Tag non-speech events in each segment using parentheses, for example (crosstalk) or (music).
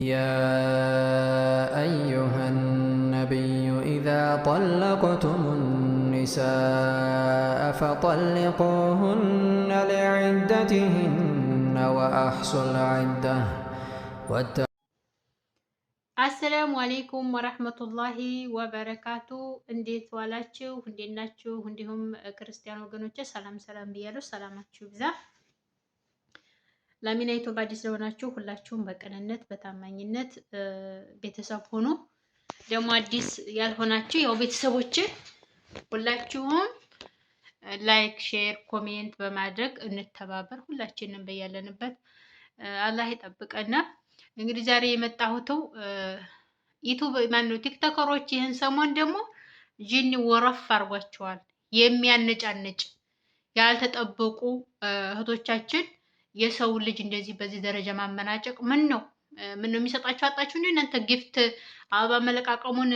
يا أيها النبي إذا طلقتم النساء فطلقوهن لعدتهن وأحصوا العدة አሰላሙ አሌይኩም ወረህመቱላሂ ወበረካቱ። እንዴት ዋላችሁ? እንዴት ናችሁ? እንዲሁም ክርስቲያን ወገኖቼ ሰላም ሰላም ብያለሁ። ሰላማችሁ ይብዛ። ላሚና ዩቱብ አዲስ ለሆናችሁ ሁላችሁም በቅንነት በታማኝነት ቤተሰብ ሆኖ ደግሞ አዲስ ያልሆናችሁ ያው ቤተሰቦች ሁላችሁም ላይክ፣ ሼር፣ ኮሜንት በማድረግ እንተባበር። ሁላችንም በያለንበት አላህ ይጠብቀና። እንግዲህ ዛሬ የመጣሁትው ዩቱብ ማነው ቲክቶከሮች ይህን ሰሞን ደግሞ ጂኒ ወረፍ አድርጓቸዋል። የሚያነጫነጭ ያልተጠበቁ እህቶቻችን የሰው ልጅ እንደዚህ በዚህ ደረጃ ማመናጨቅ ምን ነው? ምን ነው የሚሰጣቸው አጣችሁ እንዴ? እናንተ ጊፍት አበባ መለቃቀሙን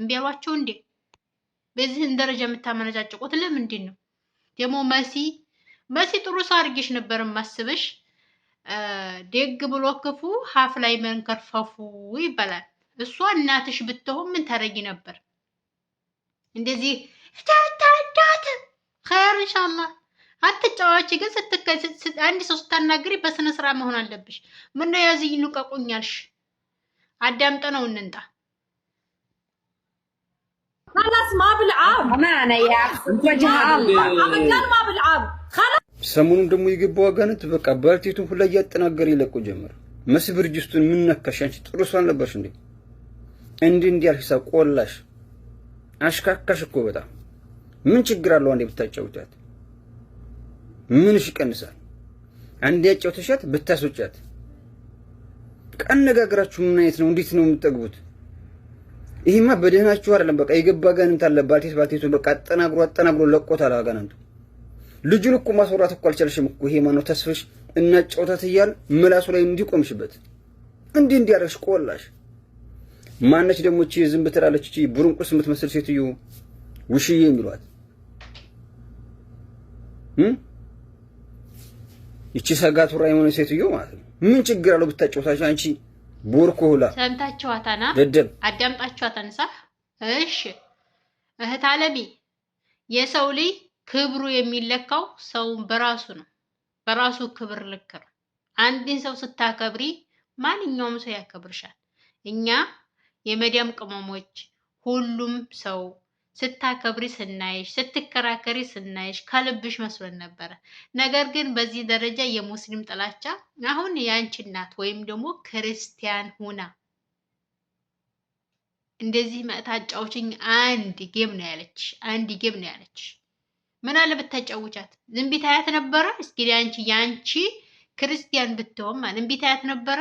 እምቢ እንዴ? በዚህን ደረጃ የምታመነጫጭቁት ለምንድን ነው ደግሞ? መሲ መሲ ጥሩ ሰው አድርጌሽ ነበር ማስብሽ። ደግ ብሎ ክፉ ሀፍ ላይ መንከርፈፉ ይባላል። እሷ እናትሽ ብትሆን ምን ታረጊ ነበር? እንደዚህ ታታዳት ኸይር ኢንሻአላህ አትጫዋች ግን አንድ ሰው ስታናግሪ በስነ ስራ መሆን አለብሽ። ምነው ያዝኝ ንቀቁኛልሽ? አዳምጠ ነው እንንጣ ሰሞኑን ደግሞ የገባው አጋንንት በቃ ባልቴቱን ሁላ እያጠናገረ ይለቁ ጀመር። መስብር ጅስቱን ምን ነካሽ አንቺ? ጥሩ ሰው አልነበርሽ እንዴ? እንዲህ እንዲህ ያልሽ ቆላሽ፣ አሽካካሽ እኮ በጣም ምን ችግር አለው አንዴ ብታጫውታት ምንሽ ይቀንሳል? አንድ ያጫው ትሸት ብታስወጫት አነጋግራችሁ ምን አይነት ነው? እንዴት ነው የምትጠግቡት? ይሄማ በደህናችሁ አይደለም። በቃ የገባ ጋንንት አለ። ባልቴት ባልቴቱን በቃ አጠናግሮ አጠናግሮ ለቆታል። አጋንንቱ ልጁን እኮ ማስወራት እኮ አልቻለሽም እኮ። ይሄ ማነው ተስፍሽ እና ጨውታት እያል ምላሱ ላይ እንዲቆምሽበት እንዲህ እንዲያደርግሽ ቆላሽ። ማነች ደግሞ እቺ ዝም ብትላለች እቺ ቡርንቁስ የምትመስል ሴትዮ ውሽዬ የሚሏት ይቺ ሰጋቱራ የሆነ ሴትዮ ማለት ነው። ምን ችግር አለው ብታጫውታች? አንቺ ቦርኮ ሁላ ሰምታችኋታና ደደብ አዳምጣችኋታን ሳ እሺ፣ እህት አለሚ የሰው ልጅ ክብሩ የሚለካው ሰውን በራሱ ነው። በራሱ ክብር ልክ ነው። አንድን ሰው ስታከብሪ ማንኛውም ሰው ያከብርሻል። እኛ የመዲያም ቅመሞች ሁሉም ሰው ስታከብሪ ስናይሽ፣ ስትከራከሪ ስናይሽ ከልብሽ መስሎን ነበረ። ነገር ግን በዚህ ደረጃ የሙስሊም ጥላቻ አሁን የአንቺ እናት ወይም ደግሞ ክርስቲያን ሁና እንደዚህ መጥታ አጫውችኝ አንድ ጌም ነው ያለች፣ አንድ ጌም ነው ያለች። ምን አለ ብታጫውቻት? ዝንቢት አያት ነበረ። እስኪ ያንቺ ያንቺ ክርስቲያን ብትሆን ማለት እምቢት አያት ነበረ።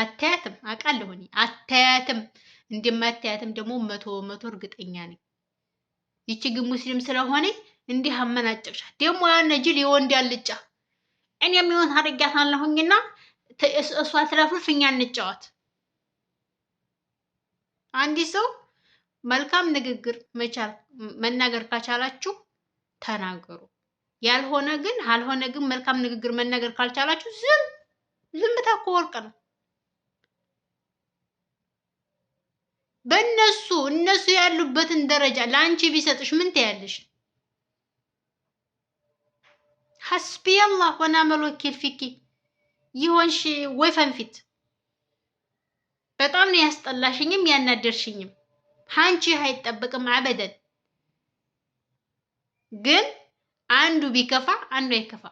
አታያትም፣ አውቃለሁ እኔ አታያትም። እንደማታያትም ደግሞ መቶ መቶ እርግጠኛ ነኝ። ይቺ ግን ሙስሊም ስለሆነ እንዲህ አመናጨቅሻት። ደግሞ ያነ ጅል የወንድ ያልጫ እኔ የሚሆን አደርጊያት አለሁኝና እሷ ትረፍርፍ፣ እኛ እንጫወት። አንድ ሰው መልካም ንግግር መቻል መናገር ካቻላችሁ ተናገሩ። ያልሆነ ግን አልሆነ ግን መልካም ንግግር መናገር ካልቻላችሁ ዝም ዝምታ እኮ ወርቅ ነው። በእነሱ እነሱ ያሉበትን ደረጃ ለአንቺ ቢሰጥሽ ምን ትያለሽ? ሐስቢ አላህ ወኒዕመል ወኪል ፊኪ ይሆንሽ ወይ ፈንፊት። በጣም ነው ያስጠላሽኝም ያናደርሽኝም። አንቺ አይጠበቅም አበደን። ግን አንዱ ቢከፋ አንዱ አይከፋ።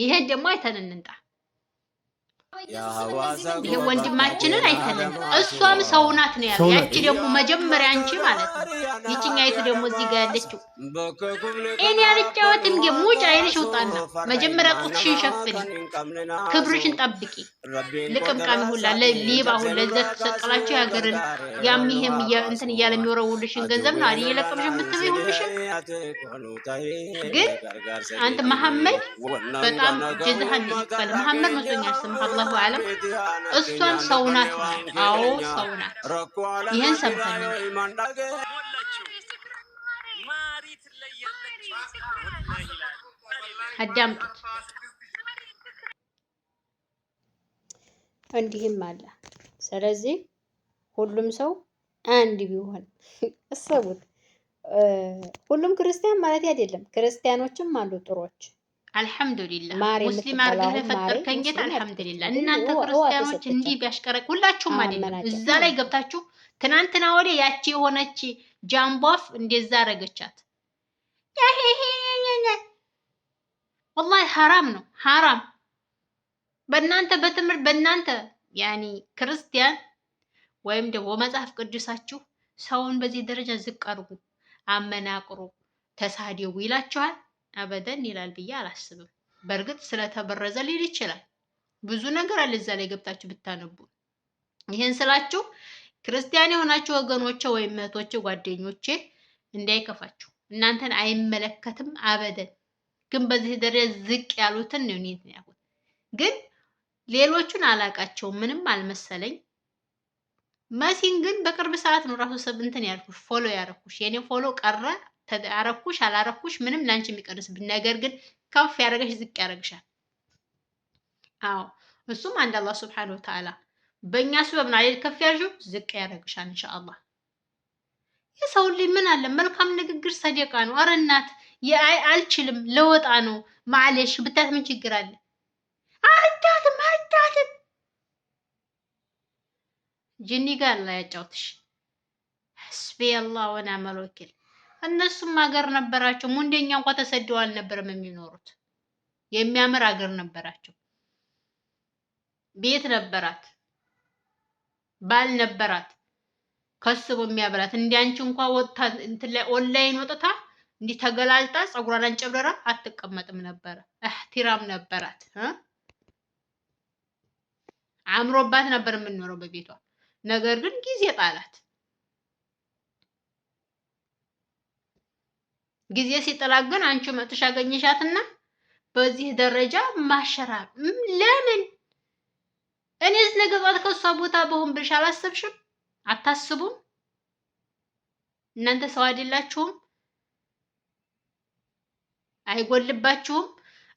ይሄን ደግሞ አይተን እንንጣ ወንድማችንን አይተንም። እሷም ሰው ናት ነው ያለ። ያቺ ደግሞ መጀመሪያ አንቺ ማለት ነው። ይችኛይቱ ደግሞ እዚህ ጋር ያለችው እኔ አልጫወትም ግን ሙጭ አይነሽ ውጣና መጀመሪያ ጡትሽን ሸፍኒ፣ ክብርሽን ጠብቂ። ልቅምቃሚ ሁላ ሌባ ሁላ ለዘት ተሰቀላችሁ ያገርን ያም ይሄም እንትን እያለ የሚወረውልሽን ገንዘብ ነው አይደል የለቅምሽ የምትበይ ሁልሽን። ግን አንተ መሐመድ በጣም ጀዛህን ይባል መሐመድ መስሎኛል ስምህ አላህ ወላሁ አለም እሷም ሰው ናት። አዎ ሰው ናት። ይህን ሰምተን አዳምጡት። እንዲህም አለ። ስለዚህ ሁሉም ሰው አንድ ቢሆን (laughs) እሰቡት። ሁሉም ክርስቲያን ማለት አይደለም፣ ክርስቲያኖችም አሉ ጥሮች አልሐምዱሊላህ ሙስሊም አድርገህ ለፈጠርከኝ ጌታ አልሐምዱሊላህ። እናንተ ክርስቲያኖች እንዲህ ቢያሽቀረቅ ሁላችሁም አይደለም። እዛ ላይ ገብታችሁ ትናንትና ወዲያ ያቺ የሆነች ጃምቧፍ እንደዛ አረገቻት። ወላሂ ሐራም ነው ሐራም። በእናንተ በትምህርት በእናንተ ያኒ ክርስቲያን ወይም ደግሞ መጽሐፍ ቅዱሳችሁ ሰውን በዚህ ደረጃ ዝቅ አድርጉ፣ አመናቅሩ፣ ተሳደቡ ይላችኋል። አበደን ይላል ብዬ አላስብም። በእርግጥ ስለተበረዘ ሊል ይችላል። ብዙ ነገር አለ እዛ ላይ ገብታችሁ ብታነቡ። ይህን ስላችሁ ክርስቲያን የሆናችሁ ወገኖቼ ወይም እህቶቼ፣ ጓደኞቼ እንዳይከፋችሁ፣ እናንተን አይመለከትም። አበደን ግን በዚህ ደረጃ ዝቅ ያሉትን ነው እኔን ያልኩት። ግን ሌሎቹን አላቃቸው ምንም አልመሰለኝ። መሲን ግን በቅርብ ሰዓት ነው ራሱ ሰብ እንትን ያልኩሽ ፎሎ ያረኩሽ የኔ ፎሎ ቀረ አረኩሽ አላረኩሽ ምንም ላንቺ የሚቀንስብን ነገር ግን ከፍ ያደረገሽ ዝቅ ያደረግሻል። አዎ እሱም አንድ አላህ ስብሓን ወተዓላ በእኛ ስበብ ነው አይደል ከፍ ያልሽው ዝቅ ያደረግሻል። እንሻአላህ የሰው ልጅ ምን አለ መልካም ንግግር ሰደቃ ነው። አረ እናት አልችልም ለወጣ ነው ማለሽ ብታት ምን ችግር አለ? አርዳትም አርዳትም ጅኒ ጋር ላይ ያጫውትሽ። ሐስቢ አላህ ወነዕመል ወኪል እነሱም ሀገር ነበራቸው። ሙንደኛ እንኳ ተሰደው አልነበረም የሚኖሩት። የሚያምር ሀገር ነበራቸው። ቤት ነበራት፣ ባል ነበራት ከስቦ የሚያበላት። እንዲያንቺ እንኳ ወጥታ ኦንላይን ወጥታ እንዲህ ተገላልጣ ፀጉሯን አንጨብረራ አትቀመጥም ነበረ። እህቲራም ነበራት፣ አምሮባት ነበር የምንኖረው በቤቷ። ነገር ግን ጊዜ ጣላት። ጊዜ ሲጠላ ግን አንቺ መጥሽ አገኘሻትና በዚህ ደረጃ ማሸራብ ለምን? እኔስ ነገ ጧት ከእሷ ቦታ በሆን ብልሽ አላሰብሽም? አታስቡም? እናንተ ሰው አይደላችሁም? አይጎልባችሁም?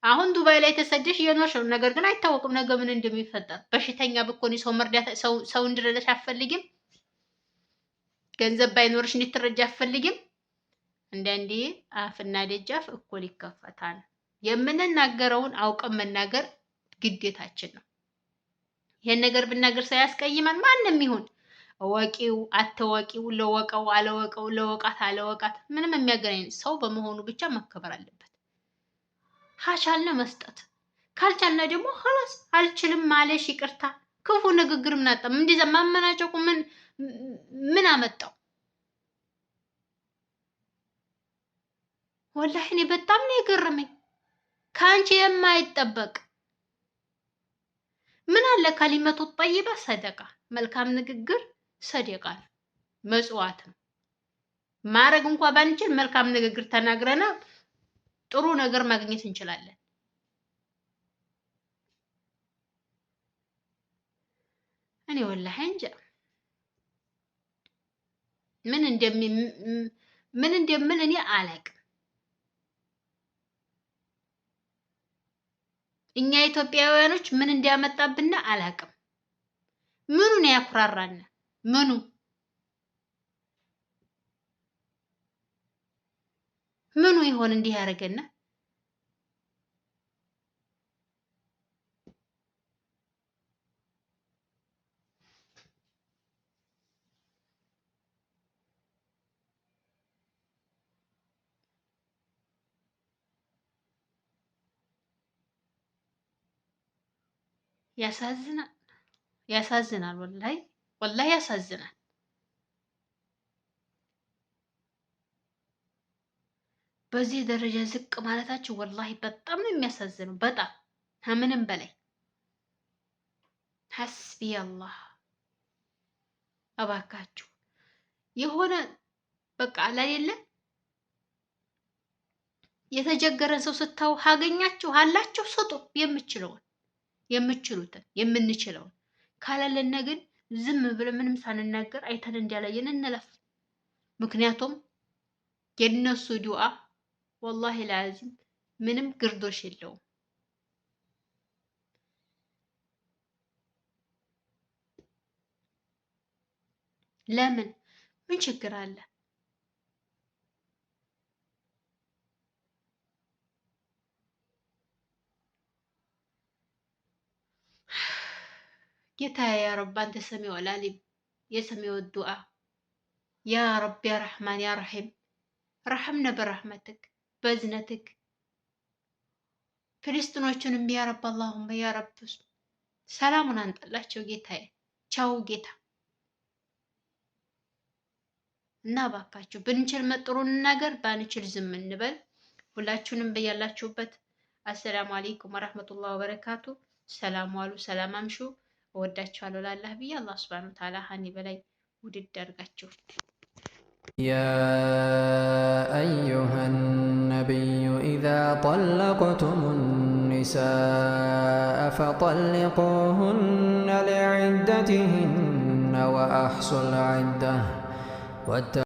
አሁን ዱባይ ላይ ተሰደሽ እየኖርሽ ነው። ነገር ግን አይታወቅም ነገ ምን እንደሚፈጠር። በሽተኛ ብኮኒ ሰው መርዳት ሰው እንድረዳሽ አትፈልጊም? ገንዘብ ባይኖርሽ እንድትረጃ አትፈልጊም? አንዳንዴ አፍና ደጃፍ እኩል ይከፈታል። የምንናገረውን አውቀን መናገር ግዴታችን ነው። ይህን ነገር ብናገር ሳያስቀይመን ማንም ይሁን ወቂው አተወቂው፣ ለወቀው አለወቀው፣ ለወቃት አለወቃት ምንም የሚያገናኝ ሰው በመሆኑ ብቻ መከበር አለበት። ሀቻልነ መስጠት ካልቻልነ ደግሞ ኸላስ አልችልም ማለሽ ይቅርታ። ክፉ ንግግር ምናጠም እንደዚያ ማመናጨቁ ምን ምን አመጣው? ወላሂ እኔ በጣም ነው የገረመኝ። ከአንቺ የማይጠበቅ ምን አለ ከሊመቱ ጠይባ ሰደቃ፣ መልካም ንግግር ሰደቃ ነው፣ መጽዋት ማድረግ እንኳ ባንችል መልካም ንግግር ተናግረና ጥሩ ነገር ማግኘት እንችላለን። እኔ ወላሂ እንጃ ምን እንደምን እንደምን እኔ አላውቅም። እኛ ኢትዮጵያውያኖች ምን እንዲያመጣብና አላቅም። ምኑ ነው ያኩራራን? ምኑ ምኑ ይሆን እንዲህ ያደረገና ያሳዝናል፣ ያሳዝናል። ወላይ ወላይ ያሳዝናል። በዚህ ደረጃ ዝቅ ማለታችሁ ወላሂ በጣም ነው የሚያሳዝነው። በጣም ከምንም በላይ ሐስቢ አላህ። እባካችሁ የሆነ በቃ አላየለ የተቸገረን ሰው ስታው ሀገኛችሁ አላችሁ ስጡ የምችለውን የምችሉትን የምንችለውን ካላለነ ግን ዝም ብለን ምንም ሳንናገር አይተን እንዲያለየን እንለፍ። ምክንያቱም የነሱ ዱዓ ወላሂ ለአዚም ምንም ግርዶሽ የለውም። ለምን ምን ችግር አለ? ጌታ ያ ረብ አንተ ሰሚው አሊም የሰሚው ዱዓ ያ ረብ ያ ረህማን ያ ረሂም ረሕምነ በረሕመትክ በእዝነትክ ፍልስጥኖቹንም ያ ረብ አላሁመ ያ ረብ ሰላሙን አንጠላቸው ጌታዬ። ቻው ጌታ እና ባካችሁ ብንችል መጥሩን ነገር ባንችል ዝም እንበል። ሁላችሁንም በያላችሁበት አሰላሙ አሌይኩም ወረህመቱላህ ወበረካቱ። ሰላም ዋሉ፣ ሰላም አምሹ። እወዳችኋለሁ ላላህ ብዬ አላህ ሱብሃነሁ ወተዓላ ሀኒ በላይ ውድድ አድርጋችሁ። يا أيها النبي إذا طلقتم النساء فطلقوهن لعدتهن وأحصوا العدة